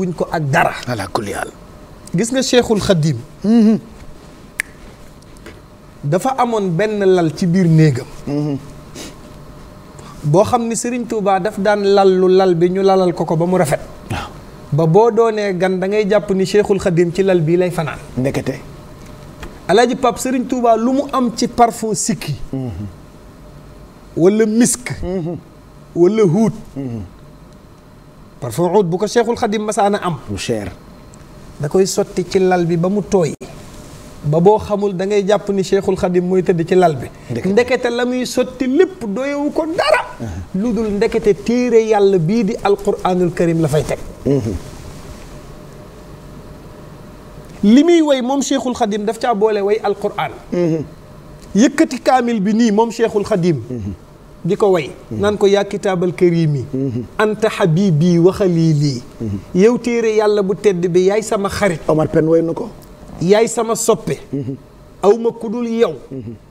wuñ ko ak dara. gis nga Cheikhul Khadim. Mhm. dafa amoon benn lal ci biir néegam. Mhm. boo xam ni sëriñ Touba daf daan lallu lal bi ñu lalal ko ko ba mu rafet. ba boo doonee gan dangay jàpp ni Cheikhul Khadim ci lal bii lay fanaan. ndekete. Alaaji Pape Serigne Touba lu mu am ci parfo sikki. Mhm. wala misk. wala huut. parfum oud bu ko cheikhul xadim masaana am lu cher da koy sotti ci lal bi ba mu tooy ba boo xamul da ngay jàpp ni cheikhul xadim mooy tëdd ci lal bi ndekete la muy sotti lépp doyewu ko dara uh-huh. lu dul ndekete téere yàlla bii di alquranul karim la fay teg uh-huh. li muy way moom cheikhul xadim daf caa boole way alquran uh-huh. yëkkati kaamil bi nii moom cheikhul xadim di ko way naan ko yaa kitaabal karimi anta habibi wa xalili yow téere yàlla bu tedd bi yaay sama xarit Omar Pène way na ko yaay sama soppe aw ma ku dul yow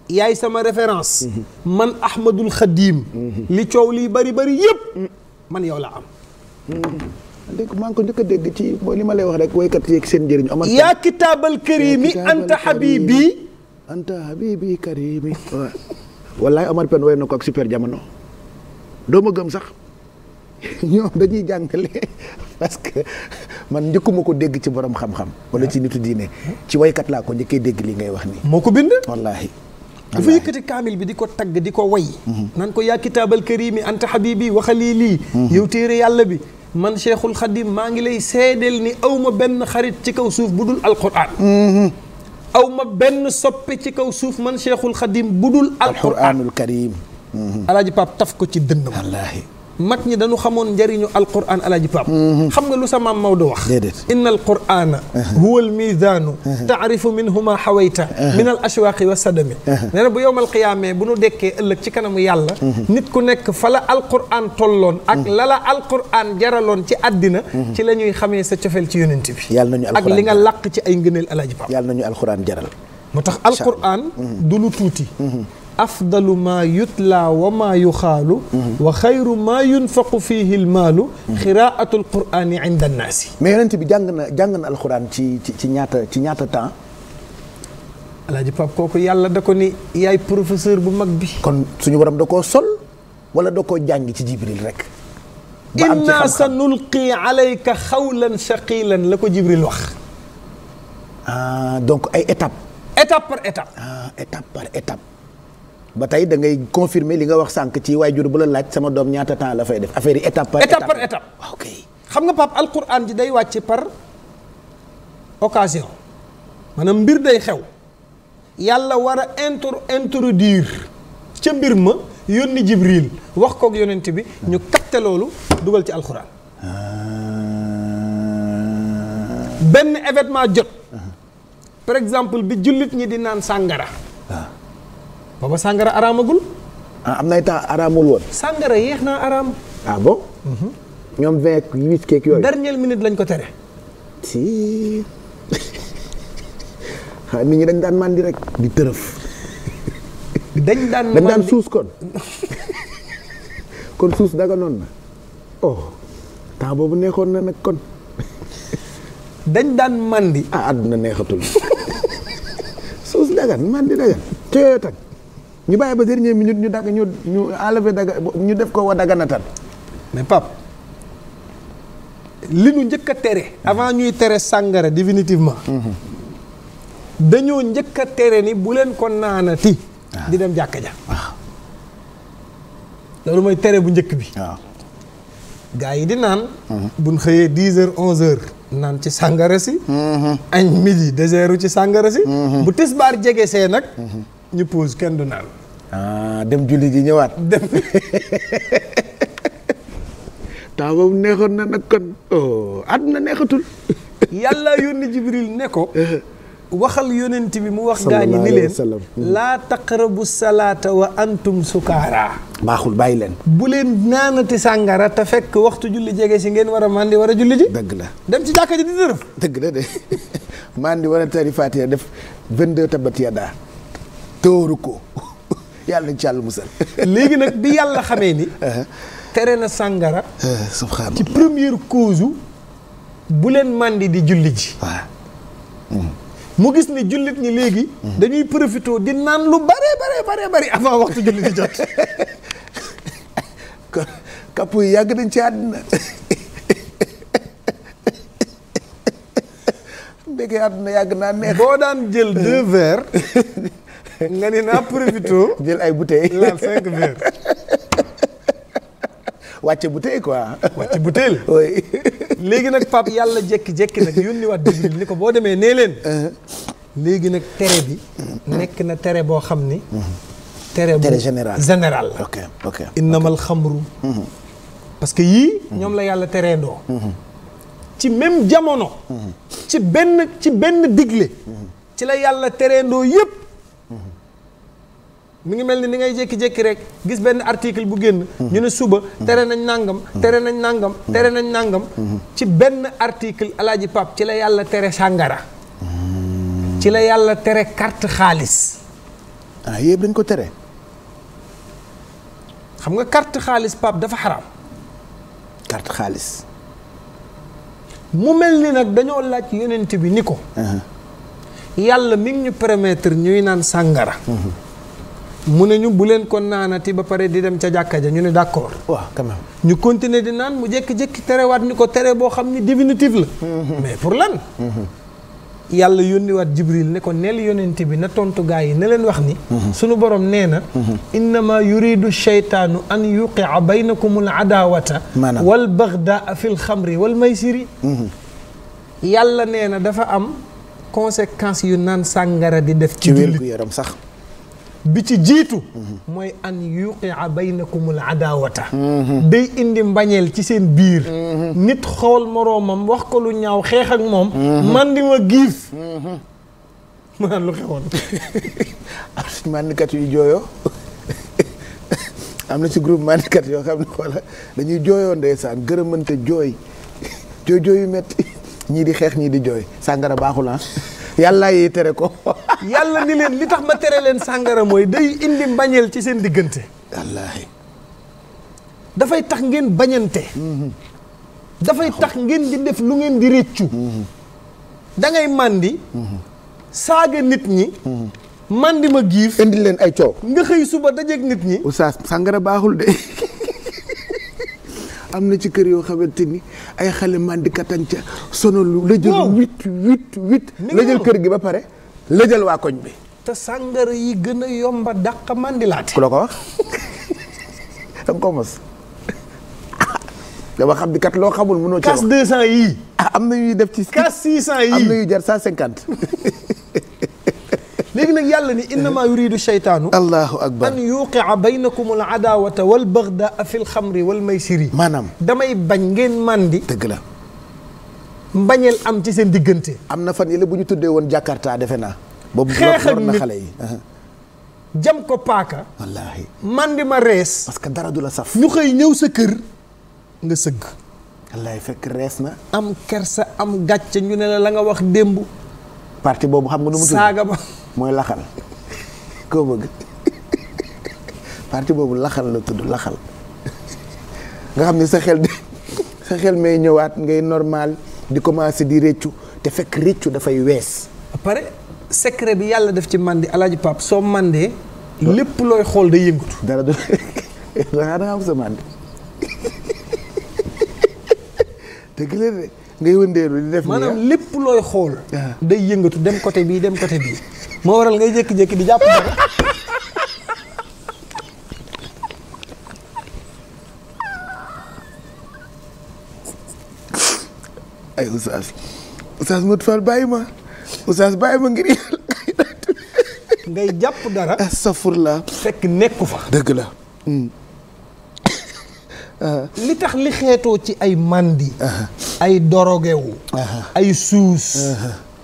yaay sama référence man ahmadul xadim li coow li bari bari yëpp man yow la am dégg maa ko njëkk a dégg li ma lay wax rek woykat yeeg seen njëriñ Omar yaa kitaabal karimi anta habibi anta habibi karimi wallaay Omar Pène woy na ko ak super jamono doo ma gëm sax ñoom dañuy jàngale parce que man njëkkuma ko dégg ci borom xam-xam. wala ci nitu diine ci waykat laa ko njëkkee dégg li ngay wax nii. moo ko bind. wallaahi. dafa yëkkati kaamil bi di ko tagg di ko way. Mhm. nan ko yaa kitaabal karimi anta habibi wa xalili mhm. yow téere yàlla bi. man Cheikhul Khadim maa ngi lay seedeel ni awma benn xarit ci kaw suuf bu dul alquran. Mhm. aw ma benn soppe ci kaw suuf man cheikhul xadim budul alquranul karim alaaji pap taf ko ci dënnam mag ñi dañu xamoon njëriñu alquran alaaji pap mm-hmm. xam nga lu sa maam Maodo wax inna alqurana mm-hmm. huwa almizanu mm-hmm. taarifu minhu ma xawayta min al ashwaaqi wa sadami nee na bu yowmal qiyaamee bu nu dekkee ëllëg ci kanamu yàlla nit ku nekk fa la alquran tolloon ak lala alquran jaraloon ci àddina ci la ñuy xamee sa cofeel ci yonent bi ak li nga làq ci ay ngëneel alaaji pap yàlla nañu alquran jaral moo tax alquran du lu tuuti afdalu maa yutla wa maa yuxaalu mhm. wa xayru maa yunfaqu fiihi lmaalu mhm. xiraatu bi jàng na jàng na alquran ci ci ñaata ci ñaata temps alaaji Pape kooku yàlla da ko ni yaay professeur bu mag bi kon suñu waram da sol wala da koo jàng ci jibril rek inna sa nulqi alayka xawlan shaqilan la ko jibril wax ah, donc ay étape étape par étape ah, étape par étape ba tey da ngay confirmer li nga wax sànq ci jur bu la laaj sama doom ñaata temps la fay def affaire yi étape par étape ah, ok xam nga pap alquran ji day wàcce par occasion maanaam mbir day xew yàlla war a intor introduire ca mbir ma yónni jibril wax kook yonent bi ñu capté loolu dugal ci alquran ah. benn événement jot par exemple bi jullit ñi di naan sàngara booba sàngara araamagul. Ah, am na ay temps araamul woon. sàngara yéex naa araam. ah bon. Mhm. ñoom vingt huit keek yooyu. dernière minute lañ ko tere. si ah nit ñi dañ daan mandi rek. di tërëf. dañ daan dañ daan suus kon. suus daga noon na. oh temps boobu neexoon na nag kon. dañ daan mandi. ah àdduna neexatul. suus dagan mandi dagan. teetan. ñu bàyyi ba dernière minute ñu dagg ñu ñu enlever daga def ko wa daganatan mais Pape li nu njëkk a tere avant ñuy tere sàngara définitivement dañoo njëkk a tere ni bu leen ko naanati di dem jàkka ja ah. loolu mooy tere bu njëkk bi ah. gaa yi di naan buñ xëyee dix heures onze heures naan ci sàngara si mm-hmm. añ midi déseeru ci sàngara si mm-hmm. bu tisbaar jege see nag ñu pause kenn du naan ah dem julli ji ñëwaat. dem temps neexoon na nag kon oh àdduna neexatul. yàlla yónni Jibril ne ko. Uh-huh. waxal yonent bi mu wax gaa ñi ni leen hmm. laa taqrabu salaata wa antum sukaara maaxul bàyyi leen bu leen naanati sàngara te fekk waxtu julli jege si ngeen war a mandi war a julli ji dëgg la dem ci jàkka ji di dërëf dëgg la de mandi war a tari faatiha def vingt-deux tabat tóoru ko yàlla nañ ci àll musal. léegi nag bi yàlla xamee ni. Uh-huh. tere na sàngara. Uh, subhanallah ci première cause bu leen màndi di julli ji. mu gis ne jullit ñi léegi. Uh-huh. dañuy profité di naan lu bare bare bare bari avant waxtu julli jot. kon yàgg nañ ci àddina. ndeke àdduna yàgg naa neex. boo daan jël deux nga ni naa profité. jël ay bouteilles laal cinq verres. wàcce bouteille quoi. wàcce bouteille. léegi nag Pape yàlla jékki-jékki nag yónniwaat Jibril ni ko boo demee nee leen. Uh-huh. léegi nag tere bi. nekk na tere boo xam ni. Uh-huh. tere bu général général la. ok ok innamal xamru. Uh-huh. parce que yii. ñoom la yàlla teree ndoo ci même jamono. ci benn ci benn digle. ci la yàlla teree ndoo yëpp. mi ngi mel ni ni ngay jékki-jékki rek gis benn article bu génn ñu ne suba tere nañ nàngam tere nañ nangam tere nañ nangam ci benn article alaaji pap ci la yàlla tere sàngara ci la yàlla tere carte xaalis ah yëpp dañ ko tere xam nga carte xaalis pap dafa xaraam carte xaalis mu mel ni nag dañoo laaj yenent bi ni ko yàlla mi ngi ñu permettre ñuy naan sàngara mhm. mu ne ñu bu leen ko naanati ba pare di dem ca jàkka ja ñu ne d'accord. waaw quand même ñu continuer di naan mu jékki tere terewaat ñu ko tere boo xam ni définitif la. Mm-hmm. mais pour lan. Mm-hmm. yàlla yónniwaat jibril ne ko neel yonent bi na tontu gaa yi ne leen wax ni mm-hmm. suñu borom nee na innama yuridu sheytaanu an yuqia baynakum al adaawata wal bagdaa fi l xamri wal maysiri yàlla nee na dafa am conséquence yu naan sàngara di def ci wér gu yaram sax bi ci jiitu mooy an yuqia baynakumul adaawata day indi mbañeel ci seen biir nit xool moroomam wax ko lu ñaaw xeex ak moom man di ma giif mu naan am na màndikat yu jooyoo am na ci groupe màndikat yoo xam ne xoola dañuy jooyoo ndeysaan gërëmante jooy jooy jooy yu metti ñii di xeex ñii di jooy sàngara baaxul ah yàlla yi tere ko. yàlla ni leen li tax ma tere leen sàngara mooy day indi mbañeel ci seen diggante. dafay tax ngeen bañante. Mm-hmm. dafay tax ngeen di def lu ngeen di réccu. Mm-hmm. da màndi. Mm-hmm. saaga nit ñi. màndi ma giif. indi leen ay coow. nga xëy suba dajeeg nit ñi. oustaz sàngara baaxul de. am na ci kër yoo xamante ni ay xale mandikatan ca sonolu la jël huit huit huit la kër gi ba pare la jël waa koñ bi te sàngara yi gën a yomba dàq mandilaate ku la ko wax danga ko mos dama loo xamul mënoo ci wax cas deux ah, am na ñuy def ci cas six cent yii am na ñuy jar cent cinquante léegi nag yàlla ni innama yuridu shaytaanu allahu akbar an yuqia baynakum al adawata wal bagda fi l xamri wal maysiri maanaam damay bañ ngeen màndi dëgg la mbañeel am ci seen diggante am na fan yële bu ñu tuddee woon Jakarta defe naa boobu xeex ak nit xale yi jam ko paaka wallaahi màndi ma rees parce que dara du la saf ñu xëy ñëw sa kër nga sëgg wallaay fekk rees na am kersa am gàcce ñu ne la nga wax démb parti boobu xam nga nu mu tudd saaga ba mooy laxal koo bëgg parti boobu laxal la tudd laxal nga xam ne sa xel di sa xel may ñëwaat ngay normal di commencer di réccu te fekk réccu dafay wees pare secret bi yàlla def ci màndi alaaji Pape soo màndee lépp looy xool day yëngatu dara du dangaa am sa màndi dëgg la ngay wëndeelu di def maanaam ah? lépp looy xool. day yëngatu dem côté bii dem côté bii moo waral ngay jékki-jékki di jàpp dara. ay oustaz oustaz Modou jàpp dara. astafurla. fekk nekku fa. dëgg la. Mm. li tax li xeetoo ci ay màndi ay dorogewu ay suus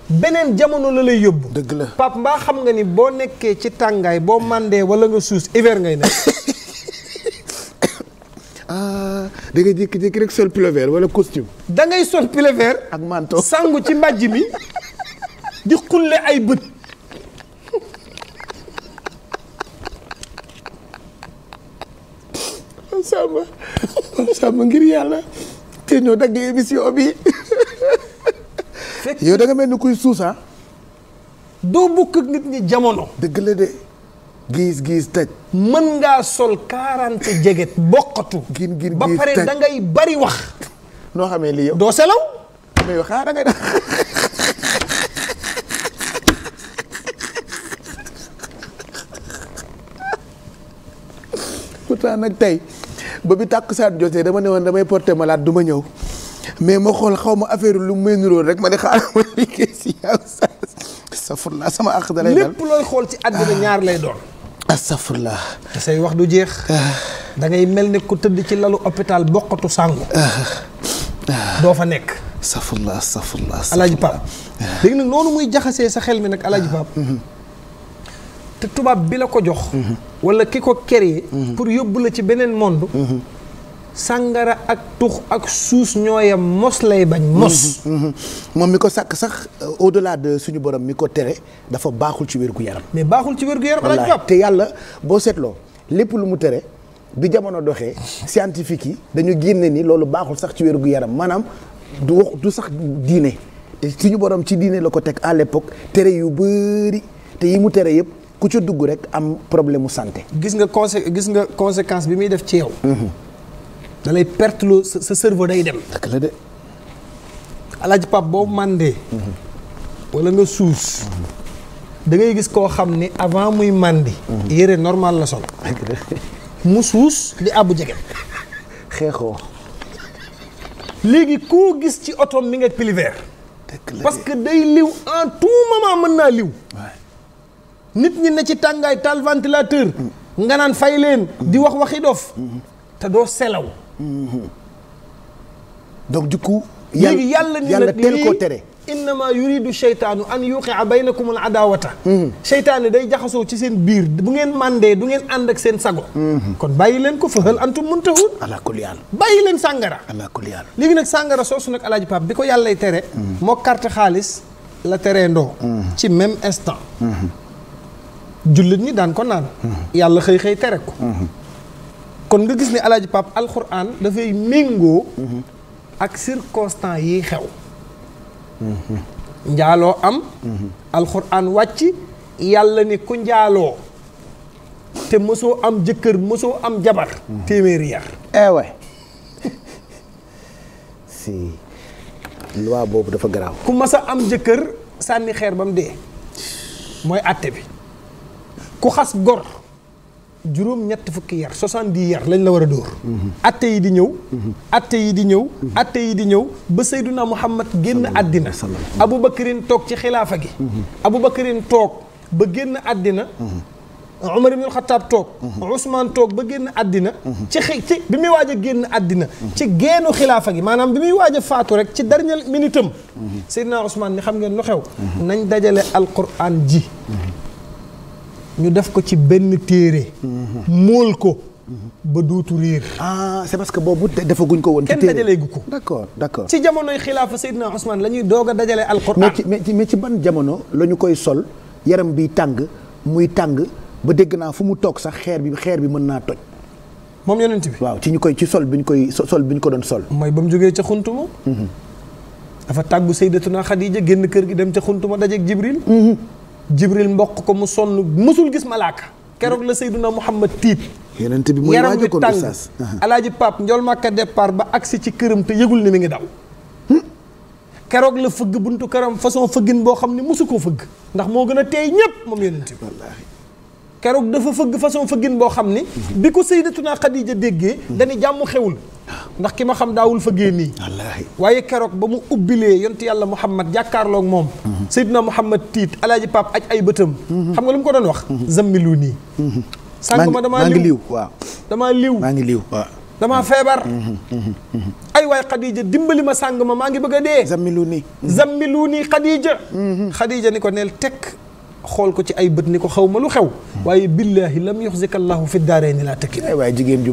beneen jamono la lay yóbbu dëgg la pap mbaa xam nga ni boo nekkee ci tàngaay boo màndee wala nga suus hiver ngay nekk ah da ngay jékki sol pull-over wala costume da ngay sol pull ak manteau sangu ci mbàjj mi di xulle ay bët Samba Samba ngir yàlla te ñoo dagg émission bi. yow danga mel ni kuy suusa ah. doo bokk ak nit jamono. dëgg la de. giis giis taj. mën ngaa sol quarante jeget. bokkatu. gin gin ba pare da ngay bari wax. noo xamee lii yow. doo selaw. mais yow xaaral ngay def. pourtant nag tey. ba bi tàkkusaan jotee dama ne woon damay porté malaat duma ñëw mais ma xool xaw ma affaire lu mu mënuloo rek ma ne xaaral ma liggéey si yow safurlaa sama àq da lay lépp looy xool ci àddina ah. ñaar lay doon. astafurlaa. te say wax du jeex. Ah. dangay mel ne ku tëdd ci lalu hôpital bokkatu sàngu. Ah. doo fa nekk. astafurlaa astafurlaa. Alaaji Pape léegi nag noonu muy jaxasee sa xel mi nag Alaaji Pape. Mm-hmm. te tubaab bi la ko jox. wala ki ko yi pour yóbbu la ci beneen monde. sàngara ak tux ak suus ñooyam mos lay bañ. mos moom mi ko sàkk sax euh, au delà de suñu borom mi ko tere dafa baaxul ci wérgu yaram. mais baaxul ci wérgu yaram. wallaahi yàlla boo seetloo lépp lu mu tere. bi jamono doxee scientifique yi dañu génne ni loolu baaxul sax ci wérgu yaram maanaam du wax du sax diine te suñu borom ci diine la ko teg à l'époque tere yu bëri te yi mu tere yëpp. ku ca dugg rek am problème mu santé. gis nga consé nga conséquence bi muy def ci yow. Mhm. da lay perte loo sa cerveau day dem. dëgg la de. alaaji pap boo mandee. Mhm. wala nga suus. Mhm. da ngay gis koo xam ni avant muy màndi yére normal la sol. mu suus li àbbu jege. xeexoo. léegi koo gis ci otom mi nga pilivert. parce que day liw en tout moment mën naa liw. nit ñi ne ci tàngaay taal ventilateur. nga naan fay leen. di wax waxi doof te doo selaw. donc du coup. yàlla yàlla ni la teel koo tere. innama yuridu seytaanu an yuqia baynakum al adaawata hmm. seytaane day jaxasoo ci seen biir bu ngeen màndee du ngeen ànd ak seen sago hmm. kon bàyyi leen ko fa hal antum muntahun ala kulli bàyyi leen sàngara ala kulli léegi nag sàngara soosu nag alaaji Pape bi ko yàllay tere hmm. moo kart xaalis la teree ndoo ci même instant jullit ñi daan ko naan yàlla xëy xëy tere ko kon nga gis ni alaaji pap alxuraan dafay méngoo ak circonstance yi xew njaaloo am alxuraan wàcc yàlla ni ku njaaloo te mosoo am jëkkër mosoo am jabar téeméeri yar ewe eh boobu dafa garaaw ku mas am jëkkër sànni xeer ba mu dee mooy àtte bi ku xas gor juróom ñett fukki yar soixante di yar lañ la war a dóor atte yi di ñëw atte yi di ñëw atte di ñëw ba Seyduna Muhammad génn àddina Aboubacrine toog ci xilaafa gi Aboubacrine toog ba génn àddina Umar ibn Xattaab toog Ousmane toog ba génn àddina ci xi ci bi muy waaj génn àddina ci génnu xilaafa gi maanaam bi muy waaj a faatu rek ci dernière minute am Seydina Ousmane ni xam ngeen lu xew nañ dajale alquran ji ñu def ko ci benn téere mool mhm. ko mhm. ba duutu riir ah c'est parce que boobu defaguñ ko woon kenn dajaleegu ko d'accord d'accord ci jamonoy xilaafa Seydina Ousmane la ñuy doog a dajale alquran mais ci ban jamono la ñu koy sol yaram bi tàng muy tàng ba dégg naa fu mu toog sax xeer bi xeer bi mën naa toj moom yonent bi waaw ci ñu koy ci sol bi ñu koy sol bi ñu ko doon sol mooy ba mu jógee ca xuntuma mhm. dafa tàggu Sayyidatuna Xadija génn kër gi dem ca ma dajeeg Jibril jibril mboq ko mu sonn mësul gis malaaka keroog la seyduna muhammad tiit yonent bi mooy waaj ko tàng alaaji pap njool màkka départ ba agsi ci këram te yëgul ni mi ngi daw hmm? keroog la fëgg buntu këram façon fëggin boo xam ne mësu koo fëgg ndax moo gën a teey ñépp moom yonent bi wallaahi keroog dafa fëgg façon fëggin boo xam ni bi ko sayyidatuna Xadiija déggee hmm. dañu jàmm xewul ndax ki ma xam daawul fëggee nii waaye keroog ba mu ubbilee yontu yàlla muhammad jàkkaarlook moom mhm. seydina muhammad tiit alaaji pap aj ay bëtam mhm. xam nga lu ko doon wax mhm. zammilu nii sàng ma damaa liw waaw damaa liw maa ngi liw waaw damaa feebar ay waay xadija dimbali ma sàng ma maa ngi bëgg a dee zammilu nii zammilu nii xadija xadija ni ko neel tekk xool ko ci ay bët ni ko xaw ma lu xew waaye billaahi lam yuxzika allahu fi daareeni laa tëkki ay waay jigéen ju